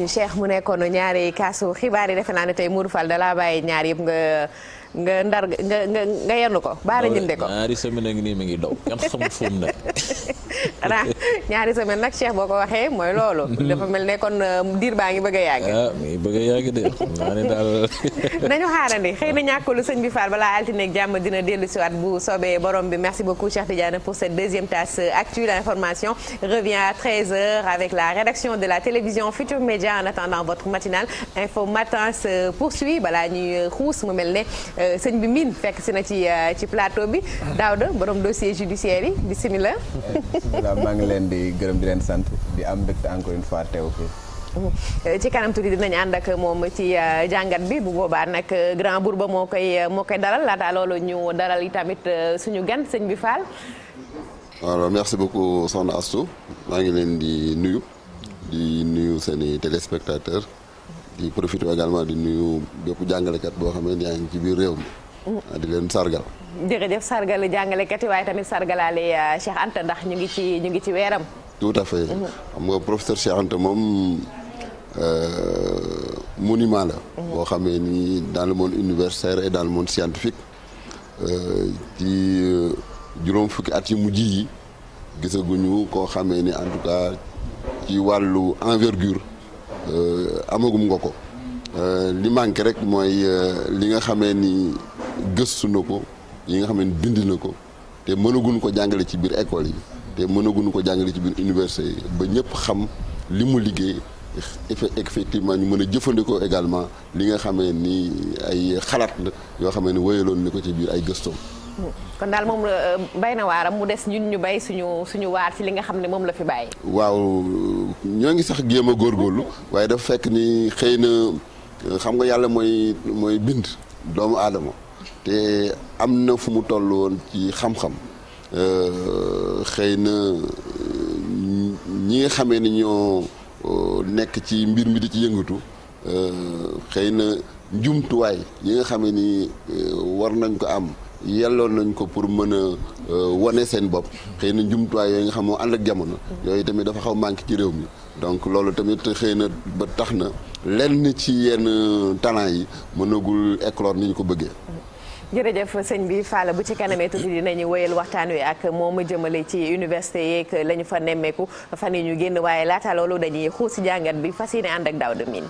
ñu Cheikh mu nekkoon ñaari kaasu xibaar yi defe naa ne tey Mourou Fall dalaa bàyyi ñaar yëpp nga nga ndar nga nga nga yenn ko baara jënde ko ñaari semaine ngi nii mi ngi daw kenn xamul fu mu ne xanaa ñaari semaine nag Cheikh boo ko waxee mooy loolu dafa mel ne kon euh, diir baa ngi bëgg a yàgg ah, mi bëgg a yàgg de xam naa ne daal nañu xaarandi xëy na ñàkkulu sëñ bi Fall balaa altineeg jàmm dina dellu siwaat bu soobee borom bi merci beaucoup Cheikh Tidiane pour cette deuxième tasse actu l'information revient à 13h avec la rédaction de la télévision Futur Média en attendant votre matinale Info Matin se poursuit balaa ñuy xuus mu mel ne Euh, sëñ bi miin fekk si na ci euh, ci plateau bi Daouda borom dossier judiciaire yi bisimilah. bisimilah maa ngi leen di gërëm di leen sant di am mbégte encore une fois teew fii. Euh, ci kanam tuuti dinañ ànd ak moom ci jàngat bi bu boobaa nag grand bourba moo koy moo koy dalal laata loolu ñu dalal yi tamit suñu gan sëñ bi Fall. alors merci beaucoup soxna Astou maa ngi leen di nuyu. di nuyu seen i di profité également di nuyu bépp jàngalekat boo xam ne yaa ci biir réew mi. Mm. di leen sargal. jërëjëf sargal jàngalekat yi waaye tamit sargalaale euh, Cheikh Anta ndax ñu ngi ci ñu ngi ci weeram. tout à fait mm-hmm. xam nga professeur Cheikh Anta moom euh, monument la. Mm-hmm. boo xamee ni dans le monde universitaire et dans le monde scientifique euh, ci juróom fukki at yi mujj yi gisaguñu koo xamee ni en tout cas ci wàllu envergure. Euh, amagum nga ko euh, li manqué rek mooy euh, li nga xamee ni gëstu na ko yi nga xamee ni bind na ko te mënaguñ ko jàngale ci biir école yi te mënaguñ ko jàngale ci biir université yi ba ñëpp xam li mu liggéey effectivement ñu mën a jëfandikoo également li nga xamee ni ay xalaat la yoo xamee ni wéyaloon ni ko ci biir ay gëstoom kon daal moom euh, bay na waaram mu des ñun ñu bay suñu suñu waar ci li nga xam ne moom la fi bàyyi. waaw ñoo ngi sax géem a góorgóorlu waaye dafa fekk ni xëy na euh, xam nga yàlla mooy mooy bind doomu aadama te am na fu mu toll woon ci euh, xëy na ñi nga xamee ni ñoo nekk ci mbir mi di ci yëngatu xëy na njumtuwaay yi nga xamee ni war nañ ko am. yelloon nañ ko pour mën a euh, wane seen bopp xëy na njumtuwaay yooyu nga xam ànd ak jamono yooyu tamit dafa xaw manqué ci réew mi donc loolu tamit xëy na ba tax na lenn ci yenn euh, talent yi mënagul éclore ni ñu ko bëggee jërëjëf sëñ bi Falla bu ci kanamee tuuti dinañu wéyal waxtaan wi ak moom jëmale ci université yeeg lañu fa nemmeeku fan yi ñu génn waaye laata loolu dañuy xuus si jàngat bi fas yéene ànd ak daaw dem miin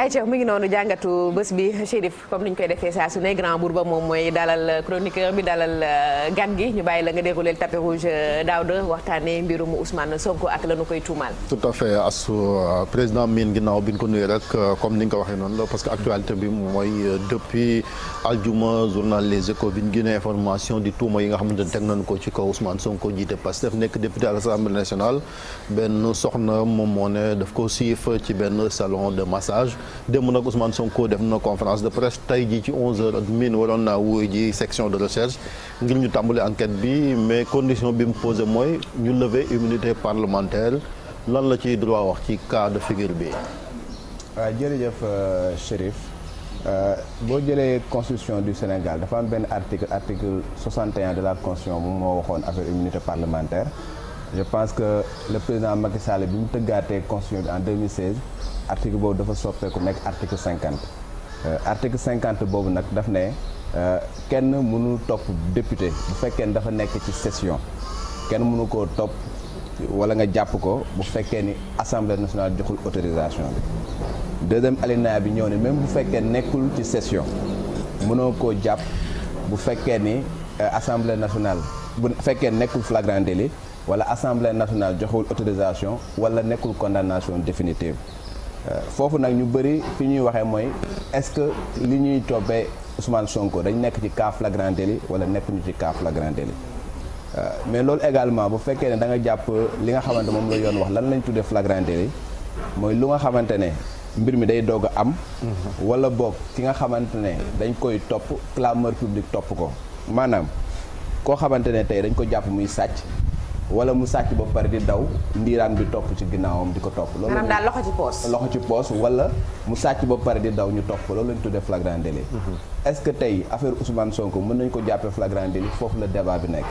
ayca mu ngi noonu jàngatu bés bi Chérif comme ni ñu koy defee saa su ne ba moom mooy dalal chroniqueur bi dalal euh, gan gi ñu bàyyi la nga déroulé tapis rouge euh, Daouda waxtaanee mbirum Ousmane Sonko ak la nu koy tuumaal. tout à fait asu euh, ko nuyee comme ni nga ko waxee noonu la parce que actualité bi mooy depuis aljuma journal Les Échos bi ñu génnee information di tuuma yi nga xamante ne teg nañu ko ci kaw Ousmane Sonko jiite Pastef nekk député à l'Assemblée nationale benn soxna moom moo ne daf ko siif ci benn salon de massage. démb nag Ousmane Sonko def na conférence de presque tey jii ci 11h ak min waroon naa wuy ji section de recherche ngir ñu tàmbali enquête bi mais condition bi mu posé mooy ñu lever immunité parlementaire lan la ci droit wax ci cas de figure bi. waaw ah, jërëjëf euh, Chérif euh, boo jëlee constitution du Sénégal dafa am benn article article 61 de la constitution bu moo waxoon affaire immunité parlementaire. je pense que le président Macky Sall bi mu tëggaatee constitution bi en 2016 article boobu dafa soppeeku nekk article 50 euh, article 50 boobu nag daf ne euh, kenn mënu topp député bu fekkee ne dafa nekk ci session kenn mënu koo topp wala nga jàpp ko bu fekkee ni assemblée nationale joxul autorisation bi deuxième bi ñëw ne même bu fekkee nekkul ci session mënoo koo jàpp bu fekkee ni euh, assemblée nationale bu fekkee nekkul flagrant délit wala assemblée nationale joxul autorisation wala nekkul condamnation définitive euh, foofu nag ñu bëri fi ñuy waxee mooy est-ce que li ñuy toppee sumaan Sonko dañ nekk ci cas flagrant délit wala nekkuñu ci cas flagrant délit euh, mais loolu également bu fekkee ne da nga jàpp li nga xamante moom la yoon wax lan lañ tuddee flagrant délit mooy lu nga xamante ne mbir mi day doog a am. wala boog ki nga xamante ne dañ koy topp clameur publique topp ko maanaam koo xamante ne tey dañ ko jàpp muy sàcc. wala mu sàcc ba pare di daw ndiiraan bi topp ci ginnaawam di ko topp. loolu maanaam daal loxo ci poos. loxo ci poos wala mu sàcc ba pare di daw ñu topp loolu la ñu tuddee flagrant délit. Mhm. est-ce que tey affaire Ousmane Sonko mën nañu ko jàppee flagrant délit foofu la débat bi nekk.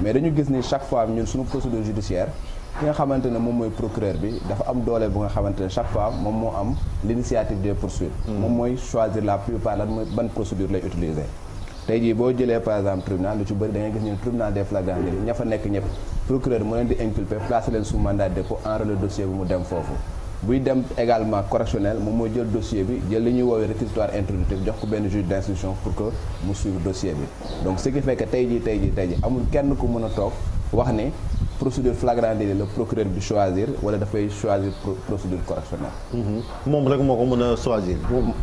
mais dañu gis ni chaque fois ñun suñu procédure judiciaire ki nga xamante ne moom mooy procureur bi dafa am doole bu nga xamante ne chaque fois moom moo am l'initiative des poursuites. Mhm. moom mooy choisir la ban procédure lay utiliser. tey jii boo jëlee par exemple tribunal lu ci bëri da ngay gis ne fa nekk ñëpp. procureur mu leen di inculper placer leen sous mandat de dépôt enrôler dossier bi mu dem foofu buy dem également correctionnel moom mooy jël dossier bi jël li ñuy woowee réquisitoire introductif jox ko benn juge d' instruction pour que mu suivre dossier bi donc ce qui fait tey jii tey jii tey jii amul kenn ku mën a toog wax ne procédure flagrant délit la procureur bi choisir wala dafay choisir procédure correctionnelle. Mm-hmm. moom rek moo ko mën a choisir.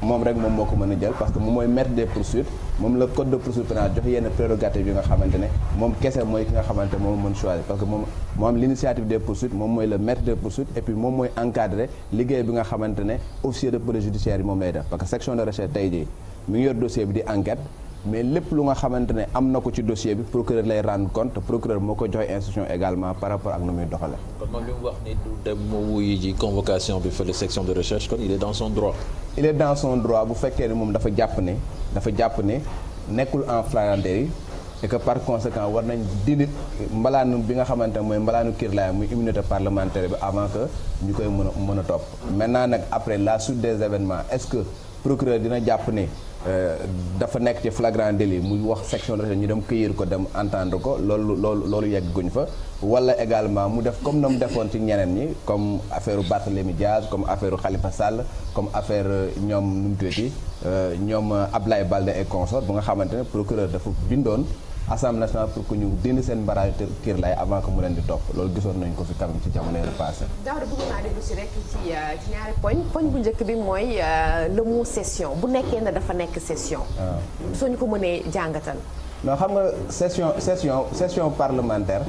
moom rek moom moo ko mën a jël parce que moom mooy maître des poursuites moom la code de procédure pénale joxe yenn prérogative yi nga xamante moom mooy ki nga xamante moom mën et puis moom mooy encadrer liggéey bi nga xamante officier de police judiciaire moom lay def parce que section de recherche tey jii mi dossier bi di enquête. mais lépp lu nga xamante ne am na ko ci dossier bi procureur lay rendre compte procureur moo ko joxe instruction également par rapport ak nu muy doxale kon moom li mu wax ni du dem mu wuyu ji convocation bi fële section de recherche kon il est dans son droit. il est dans son droit bu fekkee ne moom dafa jàpp ne dafa jàpp ne nekkul en flagrant délit et que par conséquent war nañ dindi mbalaanu bi nga xamante ne mooy mbalaanu kirlaay muy immunité parlementaire bi avant que ñu koy mën mën a topp. maintenant nag après la suite des événements est-ce que. procureur dina jàpp ne euh, dafa nekk ci flagrant délit mu wax section de ñu dem cueillir ko dem entendre ko loolu loolu loolu yegg guñ fa wala également mu def comme na mu defoon ci ñeneen ñi comme affaire Barthélémy Diaz comme affaire Khalifa Sall comme affaire euh, ñoom nu mu tuddati euh, ñoom Ablaye Balde ay consort bu nga xamante ne procureur dafa bindoon assemblée nationale pour que ñu dindi seen barrage Kër Laye avant que mu leen di topp loolu gisoon nañ ko fi quand même ci jamono yi passé daaw bëgg naa euh, poñ poñ bu njëkk bi mooy euh, le mot session bu nekkee ne dafa nekk session ah. soo ñu ko mënee jàngatal non xam nga session session session parlementaire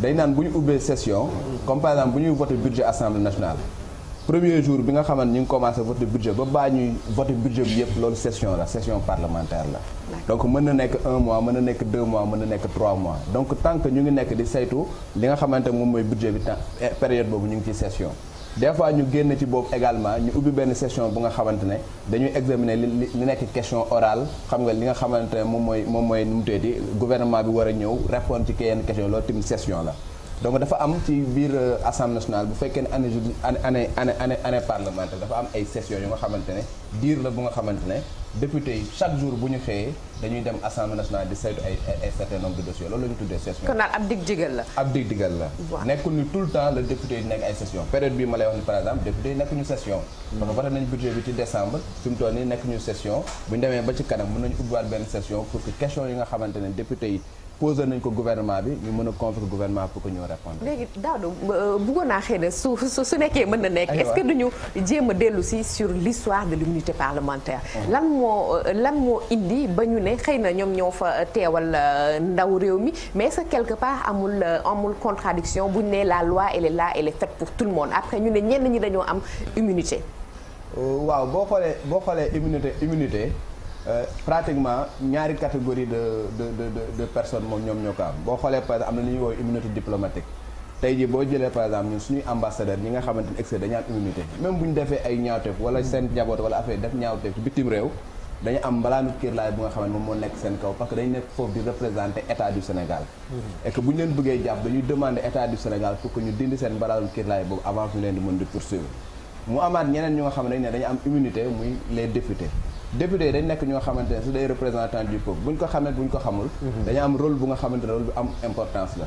day naan bu ñu ubbee session comme par exemple bu ñuy voté budget assemblée nationale premier jour bi nga xamante ñu ngi commencé voter budget ba baa ñuy voter budget bi yëpp loolu session la session parlementaire la donc mën na nekk un mois mën na nekk deux mois mën na nekk trois mois donc tant que ñu ngi nekk di saytu li nga xamante moom mooy budget bi temps eh, période boobu ñu ngi ci session des fois ñu génn ci boobu également ñu ubbi benn session bu nga xamante ne dañuy examiner li li nekk question orale xam nga li nga xamante ne moom mooy moom mooy nu mu tuddati gouvernement bi war a ñëw répondre ci yenn question loolu la donc dafa am ci biir euh, assemblée nationale bu fekkee ne année année année année parlementaire dafa am ay sessions yu nga xamante ne diir la bu nga xamante ne député yi chaque jour bu ñu xëyee dañuy dem assemblée nationale di saytu ay ay certain nombre de dossiers loolu la ñu tuddee session. kon daal ab dig nekk ay session période bii ma lay wax ni par exemple député yi nekk ñu session. Mm. parce que nañu budget bi ci décembre fi mu nekk ñu session bu ñu ba ci kanam mën nañu ubbiwaat benn xamante ne député yi. posé nañ ko gouvernement bi ñu mën a convoquer gouvernement pour que ñu répondre. léegi Daado euh, bëggoon naa xëy na su su nekkee mën na nekk. est-ce que jéem a dellu si sur l'histoire de l'immunité parlementaire. lan moo euh, lan moo indi ba ñu ne xëy na ñoom ñoo fa teewal euh, ndaw réew mi mais est quelque part amul amul contradiction buñ ne la loi elle est là elle est faite pour tout le monde après ñu ne ñenn ñi dañoo am immunité. waaw boo xoolee boo xoolee immunité immunité. Euh, pratiquement ñaari catégorie de de de de moom ñoom ñoo ko am boo xoolee par exemple am na lu ñuy woowee immunité diplomatique tey jii boo jëlee par exemple ñun nga xamante ni excès dañu am ñu defee ay ñaawteef wala seen njaboot wala affaire def ñaawteef ci bitim réew dañu am mbalaanu kiir laay nga moo nekk seen kaw parce que dañu nekk foofu di représenter état du mm-hmm. leen bëggee jàpp dañuy demander état du Sénégal pour ñu dindi seen mbalaanu kiir laay boobu avant ñu leen di mën di xam ne dañu am immunité muy les députés député dañ nekk ñoo xamante ne c'est des représentants du peuple bu ko xamee bu ñu ko xamul. Mhm. dañu am rôle bu nga xamante ne rôle bu am importance la.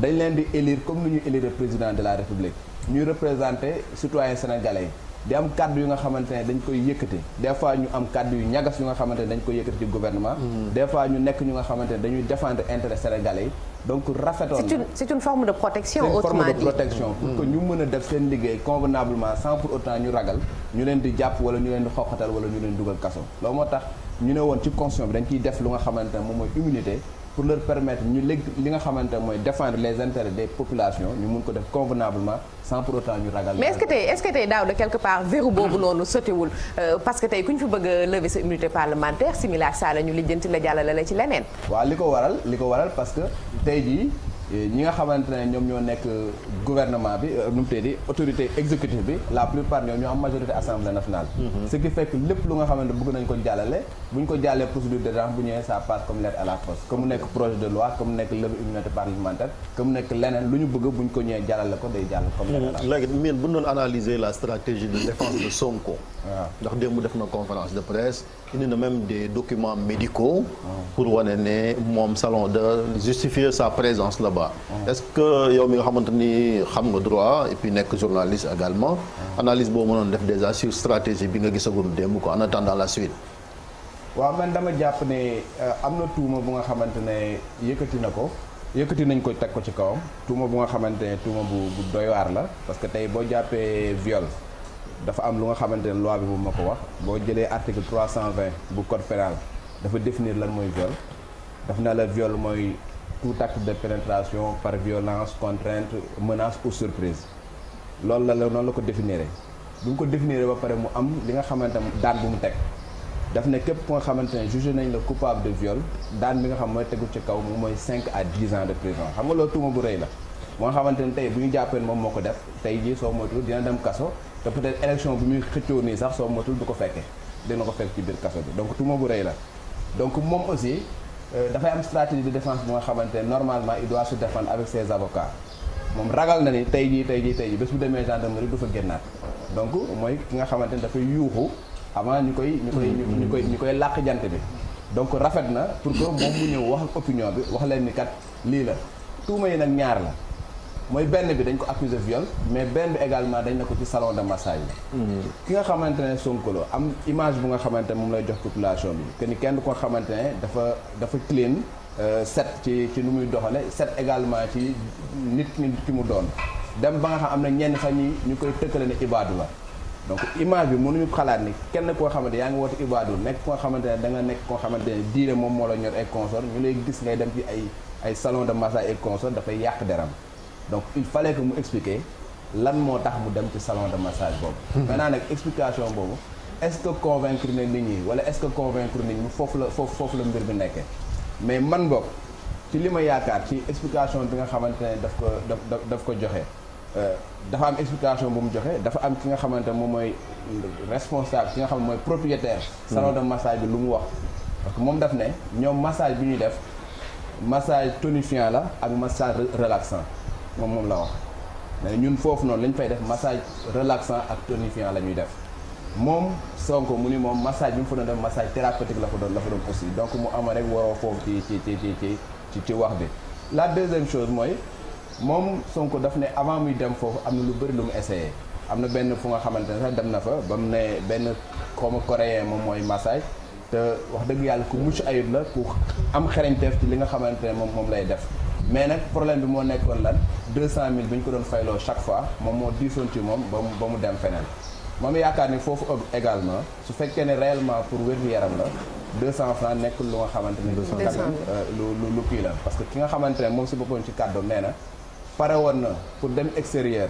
dañ leen di élire comme ni ñuy élire président de la république ñuy représenter citoyen sénégalais yi. di am kaddu yu nga xamante ne dañ koy yëkkati des fois ñu am kàdd yu ñagas yu nga xamante ne dañ koy yëkkati ci gouvernement mm. des fois ñu nekk ñu nga xamante ne dañuy défendre intérêt sénégalais yi donc rafetoon c'est une c'est forme de protection autrement dit protection pour que ñu mën a def seen liggéey convenablement sans pour autant ñu ragal ñu leen di jàpp wala ñu leen di xoqatal wala ñu leen dugal kaso loolu moo tax ñu ne woon ci constitution bi dañ ciy def lu nga xamante ne moom mooy immunité pour leur permettre ñu léegi li nga xamante mooy défendre les intérêts des populations ñu mun ko def convenablement sans pour autant ñu ragal. mais est-ce daaw de quelque part verrou boobu noonu sottiwul euh, parce que tey ku ñu fi bëgg a sa immunité parlementaire similaire saa la lijjanti la jàllale la ci leneen. waaw li ko waral li ko waral parce que tey jii. ñi nga xamante ne ñoom ñoo nekk gouvernement bi euh, nu autorité exécutive bi la plupart ñoom ñoo am majorité assemblée nationale mm-hmm. ce qui fait lépp lu nga xamante bëgg nañ ko jàllale bu ñu ko jàllee procédure d'urgence bu ñëwee ça passe comme lettre à la poste comme nekk projet de loi comme nekk levée immunité parlementaire comme nekk leneen lu ñu bëgg bu ñu ko ñëwee jàllale ko day jàll comme lettre à la mm-hmm. miin bu ñu doon la stratégie de défense de Sonko indi na même des documents médicaux pour wane ne moom salon de justifier sa présence la bas est-ce que yow mi nga xamante ni xam nga droit et puis nekk journaliste également analyse boo mënoon def déjà sur stratégie bi nga gisagul démb ko en attendant la suite waaw man dama jàpp ne euh, am na tuuma bu nga xamante ne yëkkati na ko yëkkati nañ ko teg ko ci kawam tuuma bu nga xamante ne tuuma bu bu doy waar la parce que tey boo jàppee viol dafa am lu nga xamante ne loi bi moom ma ko wax boo jëlee trois cent 320 bu code pénal dafa définir lan mooy viol daf naa la viol mooy tout acte de pénétration par violence contrainte menance ou surprise loolu la la noonu la ko définiré bi mu ko définiré ba pare mu am li nga xamante daan bu mu teg daf ne képp ku nga xamante ne jugé nañ la coupable de viol daan bi nga xam mooy tegu ci kaw moom mooy 5 à dix ans de prison xam nga loolu tuuma bu rëy la moo nga xamante ne tey moom moo ko def tey jii soo moytu dina dem kaso te peut-être élection bi muy xëccoo nii sax soo matul du ko fekke dina ko fekk ci biir kaso bi donc tuuma bu rëy la donc moom aussi euh, dafay am stratégie de défense bu nga xamante normalement il doit se défendre avec ses avocats moom ragal na ni tey jii tey jii tey jii bés bu demee gendarmerie du fa génnaat donc mooy ki nga xamante ni dafay yuuxu avant ñu koy ñu koy ñu koy ñu koy làq jant bi donc rafet na pour que moom mu ñëw wax ak opinion bi wax leen ni kat lii la tuuma yi nag ñaar la mooy benn bi dañ ko accusé viol mais benn bi également dañ ne ko ci salon de massage bi mm-hmm. ki nga xamante ne Sonko la am image bu nga xamante ne moom lay jox population bi que ni kenn koo xamante ne dafa dafa clean euh, set ci ci nu muy doxale set également ci nit ki nit ki mu doon dem ba nga xam am na ñenn sax ñi ñu koy tëkkale ne ibaadu la donc image bi mënuñu xalaat ni kenn koo xamante yaa ngi woote ibaadu nekk koo xamante ne da nekk koo xamante ne diine moom moo la ñor ay consort ñu lay ngay dem ci ay ay salon de massage et consort dafay yàq deram donc il fallait que mu expliquer lan moo tax mu dem ci salon de massage boobu. Hmm. naa ne explication boobu est-ce que convaincre na nit ñi wala est-ce que convaincre nit ñi foofu la foofu foofu la mbir bi nekkee mais man boog ci li ma yaakaar ci explication bi nga xamante ne daf ko daf daf ko joxe. Euh, dafa am explication bu mu joxe dafa am ki nga xamante moom mooy responsable ki nga xam ne mooy propriétaire. Hmm. salon de massage bi lu mu wax. parce que moom daf ne ñoom massage bi ñuy def massage tonifiant la ak massage relaxant. moom moom la wax mais ñun foofu noonu lañ fay def massage relaxant ak tonifiant la ñuy def moom sonk mu ni moom massage bi mu fa doon def massage thérapeutique la fa doon la fa doon aussi donc mu ama rek waroo foofu ci ci ci ci ci wax bi la deuxième chose mooy moom Sonko daf ne avant muy dem foofu am na lu bëri lu mu essayé am na benn fu nga xamante ne sax dem na fa ba mu ne benn xawma coréen moom mooy massage te wax dëgg yàlla ku mucc ayib la ku am xereñteef ci li nga xamante ne moom moom lay def mais nag problème bi moo nekkoon lan 200000 bi ñu ko doon fayloo chaque fois moom moo diisoon ci moom ba mu ba mu dem feneen moom yaakaar ni foofu également su fekkee ne réellement pour wér-gu-yaram la 200 francs nekkul lu nga xamante ne. 200 lu lu kii la parce que ki nga xamante ne moom si bokkoon ci kàddoom nee na pare woon na pour dem extérieur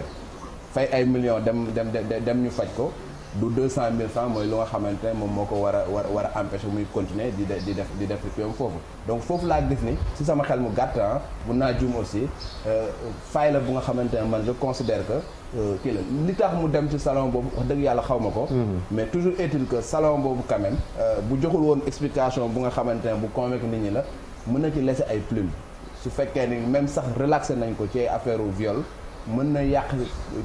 fay ay millions dem dem dem ñu faj ko. du deux 200000 francs mooy lu nga xamante ne moom moo ko war a war war a muy continuer di di def di def pion foofu donc foofu laa gis ni si sama xel mu gàtt ah mun naa juum aussi euh, fay la bu nga xamante ne man je considère que euh, kii la li tax mu dem ci salon boobu wax dëgg yàlla xaw ma ko mm-hmm. mais toujours est-il que salon boobu quand même euh, bu joxul woon explication bu nga xamante ne bu convaincre nit ñi la mën na ci laisser ay plumes su fekkee ni même sax relaxé nañ ko ci affaire u viol mën na yàq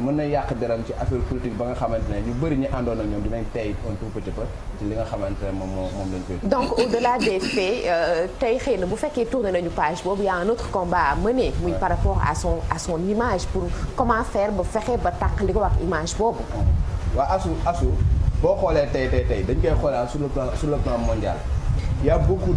mën na yàq deram ci affaire politique ba nga xamante ne ñu bëri ñu àndoon ak ñoom dinañ tey un tout petit ci li nga xamante ne moom moom lañ koy. donc au delà des faits euh, tey xëy na bu fekkee tourné nañu page boobu y a un autre combat à mener. muy par rapport à son image pour comment faire ba fexe ba tàq li ko wax image boobu. waaw asu asu boo xoolee tey tey tey dañ koy xoolaat su le plan sur le plan mondial y a beaucoup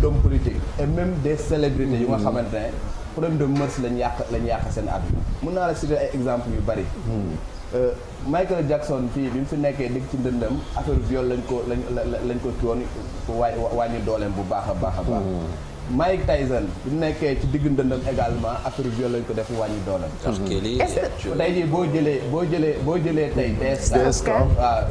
et même des célébrités yu nga mm-hmm. xamante problème de mœurs lañu yàq lañu yàq seen àdduna mun naa la citer ay exemple yu bari hmm. euh, Michael Jackson fii bi mu fi nekkee dégg ci ndëndam affaire viol lañ ko lañ la lañ ko kiwoon wàññi dooleem bu baax a baax a baax hmm. Mike Tyson bu nekkee ci digg ndëndam également affaire viol lañ ko def wàññi doole. est-ce que tey jii boo jëlee boo jëlee boo jëlee tey DSK. Ah,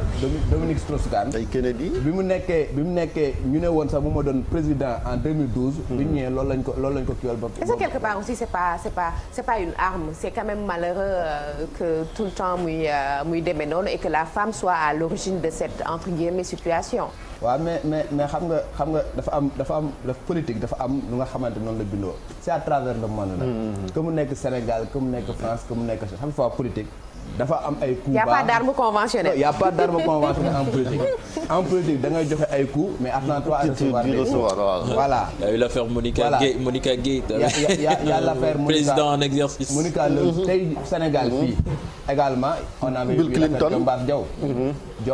bi mu nekkee bi mu nekkee ñu ne woon sax mu ma doon président en 2012. Mm-hmm. bi lool ñëwee loolu ko loolu lañ ko kiiwal ba. est-ce que quelque part aussi c'est pas c'est pas une arme c'est quand même malheureux euh, que tout le temps muy euh, muy demee noonu et que la femme soit à l'origine de cette entre guillemets situation. waaw mais mais mais xam nga xam nga dafa am dafa am dafa politique dafa am lu nga xamante noonu la bindoo c'est à travers le monde la mm-hmm. que mu nekk Sénégal que mu nekk France que mu nekk chaque fois politique dafa am ay coups bas y' a pas d' arme conventionnelle. non y' a pas d' arme conventionnelle en politique en politique da ngay joxe ay coups mais attends-toi à recevoir a eu l' affaire Monica a y'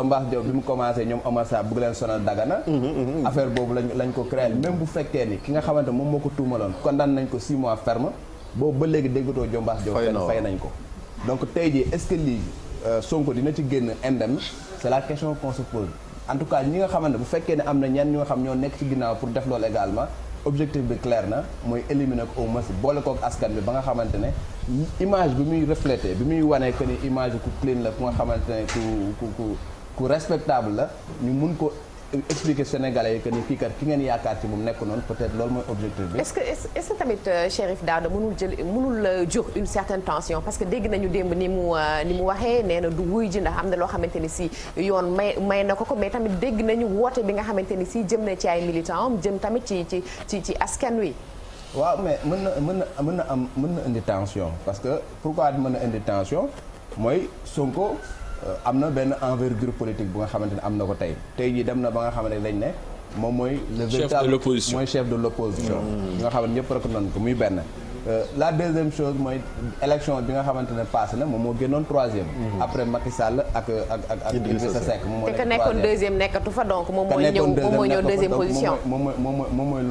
a y' bi mu commencé ñoom Omar Sarr bëgg leen sonal mhm, mhm, mhm. boobu lañ lañ ko créé bu fekkee ni ki nga xamante moom moo ko tuumaloon condamné nañ ko 6 mois ferme boobu ba léegi déggatoo Jombas Diaw. fay nañ ko. donc tey ji est-ce que lii euh, Sonko dina ci génn indemne c'est la question qu'on se pose en tout cas ñi nga xamante bu fekkee ne am na ñenn ñoo xam ñoo nekk ci ginnaaw pour def loolu également objectif bi clair na mooy éliminer ko au boole kook askan bi ba nga xamante ne image bi muy refléter bi muy wanee que ni image ku clean la ku nga xamante ne ku ku ku ku respectable la ñu mun ko expliquer Sénégalais yi que ni kii kat ki ngeen yaakaar ci moom nekk noonu peut-être loolu mooy objectif bi. est-ce que est-ce que tamit euh, Chérif Daouda mënul jël mënul euh, jur une certaine tension parce que dégg nañu démb ni mu euh, ni mu waxee nee na du wuy ji ndax am na loo xamante ni si yoon may may na ko ko mais tamit dégg nañu woote bi nga xamante ni si jëm na ci ay militants am jëm tamit ci ci ci ci askan wi. waaw mais mën na mën na mën na am mën na indi tension parce que pourquoi mën na indi tension mooy Sonko. Euh, am na benn envergure politique bu nga xamante ne am na ko tey tey jii dem na ba nga xam ne dañ ne moom mooy le véritable mooy chef de l'opposition mm. nga xam ne ñëpp reconnaître nañ ko muy benn euh, la deuxième chose mooy élection bi nga xamante ne passé na moom moo génnoon troisième. Mm. après Macky Sall ak ak ak ak Idrissa Seck. moom moo nekk nekkatu fa donc moom mooy ñëw moom mooy ñëw deuxième position. moom mooy moom mooy moom mooy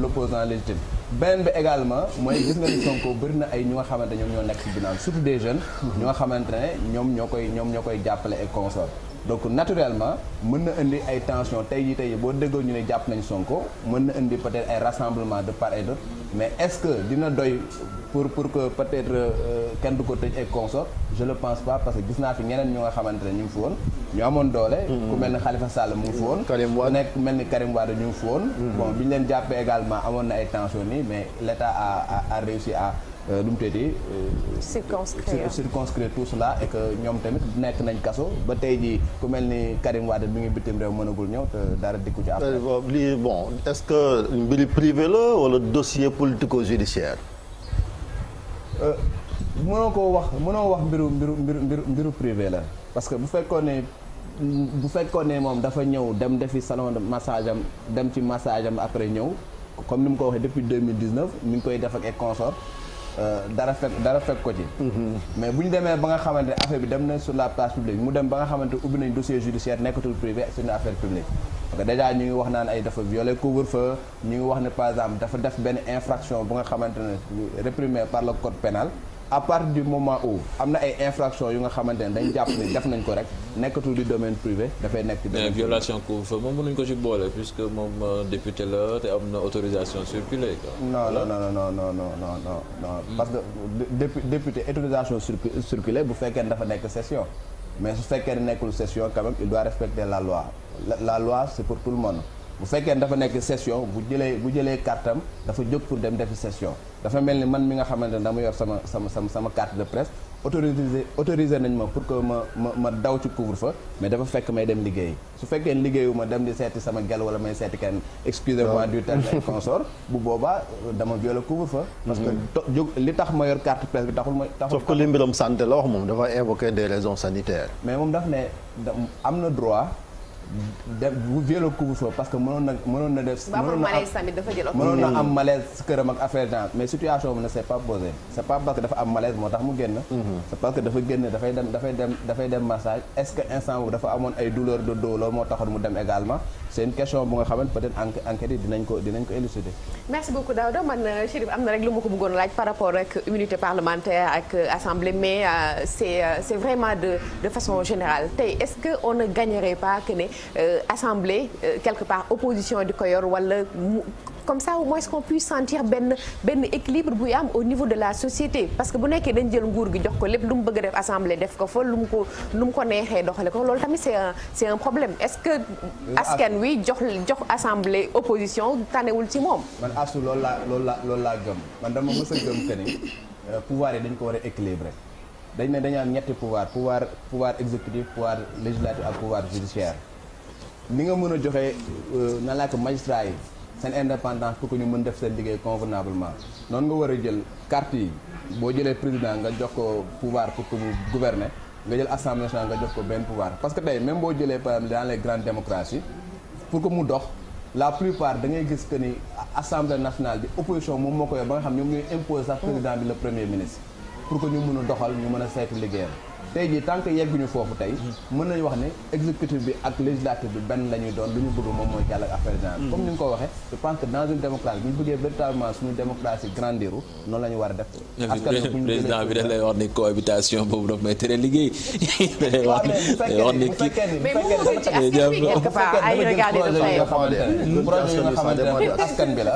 l'opposant légitime. beneen bi également mooy gis nga ni Sonko bëri na ay ñu nga xamante ñoom ñoo nekk ci ginnaaw surtout des jeunes. ñu nga xamante ne ñoom ñoo koy ñoom ñoo koy jàppale ay consort donc naturellement mën na indi ay tension tey jii tey boo déggoon ñu ne jàpp nañ Sonko mën na indi peut ay rassemblement de par et d'autre mais est-ce que dina doy pour pour que peut-être euh, kenn du ko tëj ay consort je le pense parce que gis naa fi ñeneen ñu nga xamante ne ngi fi woon ñu amoon doole mm-hmm. ku mel ni Khalifa Sall mu ngi fi woon nekk mel ni Karim Wade ñu ngi fi woon mm-hmm. bi ñu leen jàppee également amoon na ay tension nii mais l'État a a réussi à lu euh, mu tëddee. Euh, circonscrire circonscrire tout cela et que ñoom tamit nekk nañ kaso ba tey jii ku mel ni Karim Wade mi ngi bitim réew mënagul ñëw te dara dikku ci am. Euh, lii bon est-ce que mbiri privé la wala dossier politico-judiciaire. mënoo koo wax mënoo wax mbiru mbiru mbiru mbiru privé la parce que bu fekkoon ne bu fekkoon ne moom dafa ñëw dem defi salon de massage am dem ci massage am après ñëw comme ni mu ko waxee depuis 2019 mi ngi koy def ak ay consort Euh, dara fekk dara fekk ko ci. Mm-hmm. mais bu ñu demee ba nga xamante ne affaire bi dem na sur la place publique mu dem ba nga xamante ubbi nañ dossier judiciaire nekkatul privé c'est une affaire publique. parce que déjà ñu ngi wax naan ay dafa violé couvre-feu ñu ngi wax ne par exemple dafa def benn infraction bu nga xamante ne reprimer par le code pénal à partir du moment où am na ay infractions yu nga xamante ne dañ jàpp def nañ ko rek nekkatul du domaine privé dafay nekk. mais violation couvre-feu moom mënuñ ko ci boole puisque moom euh, député la te am na autorisation circuler quoi. non no non no non non non non hmm. parce que député autorisation circuler bu fekkee ne dafa nekk session mais su fekkee ne nekkul session quand même il doit respecter la loi la loi c'est pour tout le monde. bu fekkee ne dafa nekk session bu jëlee bu jëlee kartam dafa jóg pour dem defi session dafa mel ni man mi nga xamante ne dama yor sama sama sama sama carte de presse autorisé nañ ma pour que ma ma ma daw ci couvre fa mais dafa fekk may dem liggéey su fekkee liggéeyuma dem di seeti sama gel wala may seeti kenn excusez-moi du terme et consort bu boobaa euh, dama violé couvre-feu parce que mhm. jóg li tax ma yor carte presse bi taxul ma taxul sauf que li mbiram santé la wax moom dafa évoquer des raisons sanitaires mais moom am na droit def bu violé couvre-feu parce que mënoon na mënoon na def. mënoon na am mënoon na am malaise mm. si këram ak affaire genre mais situation bi ne c'est pas posé c'est pas parce que dafa am malaise moo tax mu génn. Mm-hmm. c'est parce que dafa génn dafay dem massage est-ce que instant boobu dafa amoon ay douleur de dos loolu moo taxoon mu dem également c'est une question bu nga xamante peut-être enquête yi dinañ ko dinañ ko élucider. merci beaucoup Daouda man euh, Chérif am na rek lu ma ko bëggoon laaj par rapport euh, euh, de de façon tey est-ce que on Euh, assemblée euh, quelque part opposition di ko yor wala comme ça au moins qu'on puisse sentir benn benn équilibre buy am au niveau de la société parce que bu nekkee dañ jël nguur gi jox ko lépp lu mu bëgg a def assemblée def ko fa lu mu ko lu mu ko neexee doxale ko loolu tamit c'est un c'est problème est-ce que askan wi jox jox assemblée opposition tanewul ci moom man asu loolu laa loolu laa loolu laa gëm man dama mës a gëm que ni euh, pouvoir yi dañ ko war a équilibrer dañ ne dañu am ñetti pouvoir pouvoir pouvoir exécutif pouvoir législatif ak pouvoir judiciaire ni nga mën a joxe euh, na laa ko magistrat yi seen indépendance pour que ñu mën def seen liggéey convenablement noonu nga war a jël carte yi boo jëlee président nga jox ko pouvoir pour que mu gouverner nga jël assemblée nationale nga jox ko benn pouvoir parce que tey même boo jëlee par exemple dans les grandes démocraties pour que mu dox la plupart da ngay gis que ni assemblée nationale bi opposition moom moo koy ba nga xam ñoom ñooy imposer sax président bi le premier pour que ñu mën a doxal ñu mën a saytu liggéeyam tey jii tant que yegguñu foofu tey mën nañu wax ne exécutif bi ak législatif bi benn la ñuy doon lu ñu bëgg moom mooy jàll ak affaire générale ko waxee je pense que dans une démocratie bu ñu bëggee véritablement askan bi ne askan bi la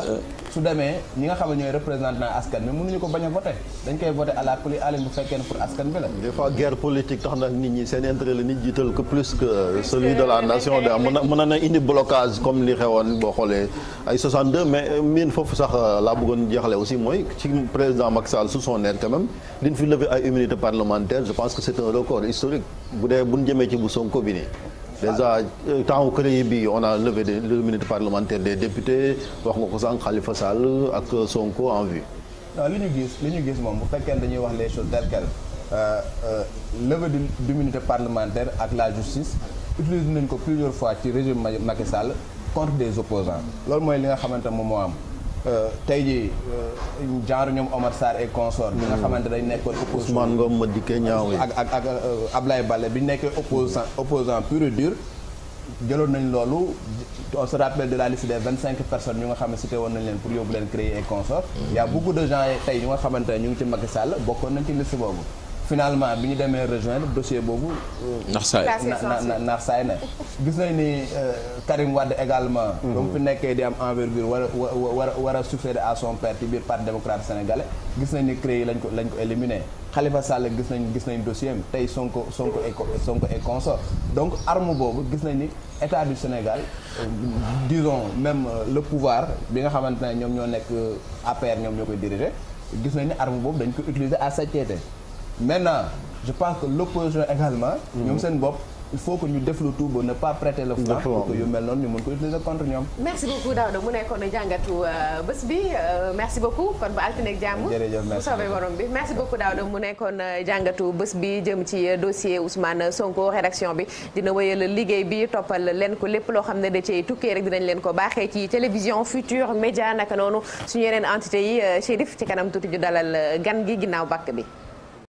su demee ñi nga xam ne ñooy représentant askan bi mënuñu ko bañ a voté dañ koy voté à la culi alim bu fekkee pour askan bi la politique tax na nit ñi seen intérêt la nit jiital que plus que celui de la nation da mën a mën na indi blocage comme li xewoon boo xoolee ay 62 mais miin foofu sax euh, laa bëggoon jeexale aussi mooy ci président Macky Sall sous son air quand même liñ fi levé ay immunité parlementaire je pense que c'est un record historique bu dee buñ jëmee ci bu Sonko bi nii déjà euh, temps créé bi on a levé l'immunité parlementaire des députés wax nga ko sànq Khalifa li ñu gis li ñu gis moom bu fekkee dañuy wax les choses Euh, euh, levée d'immunité parlementaire ak la justice utilisé nañ ko plusieurs fois ci régime Macky Sall contre des opposants loolu mooy li nga xamante moom moo am euh, tey jii genre ñoom Omar Sarr et consort bi nga xamante dañ nekkoon opposition Ousmane Ngom Madické Niang ak ak ak Ablaye Baldé bi nekkee opposant opposant pur et dur jëloon loolu on se rappelle de la liste des vingt cinq personnes ñu nga xam ne pour yóbbu leen créer et consort y a beaucoup de gens tey ñu ngi ci Macky Sall bokkoon nañ ci liste boobu finalement bi ñu demee rejoindre dossier boobu. Euh, ndax saay na ndax saay na gis nañ ni euh, Karim Wade également. Mhm. ba mu fi nekkee di am envergure war a war a war a succéder à son père ci biir parti démocrate sénégalais gis nañ ni CREI lañ ko lañ ko éliminé Khalifa Sall gis nañ gis nañ dossier am tey Sonko Sonko et Sonko et consort donc arme boobu gis nañ ni état du Sénégal euh, disons même le pouvoir bi nga xamante ne ñoom ñoo nekk APR ñoom ñoo koy diriger gis nañ ni boobu dañ ko utiliser à satiété. maintenant je pense que l'opposition également. ñoom mhm. seen bopp. il faut que ñu def le tout ba ne pas prêter le flanc pour que yu mel noonu ñu mën ko contre ñoom. merci beaucoup Daouda mu nekkoon na jàngatu euh, bés bi euh, merci beaucoup kon altine ak jàmm. jërëjëf merci bu soobee borom bi merci beaucoup mu nekkoon euh, jàngatu bés bi jëm ci dossier Ousmane Sonko rédaction bi dina wéyal liggéey bi toppal leen ko lépp loo xam ne da cee tukkee rek dinañ leen ko baaxee ci télévision Futur Média naka noonu suñu yeneen entité yi Chérif ci kanam tuuti ju dalal gan gi ginnaaw bàkk bi.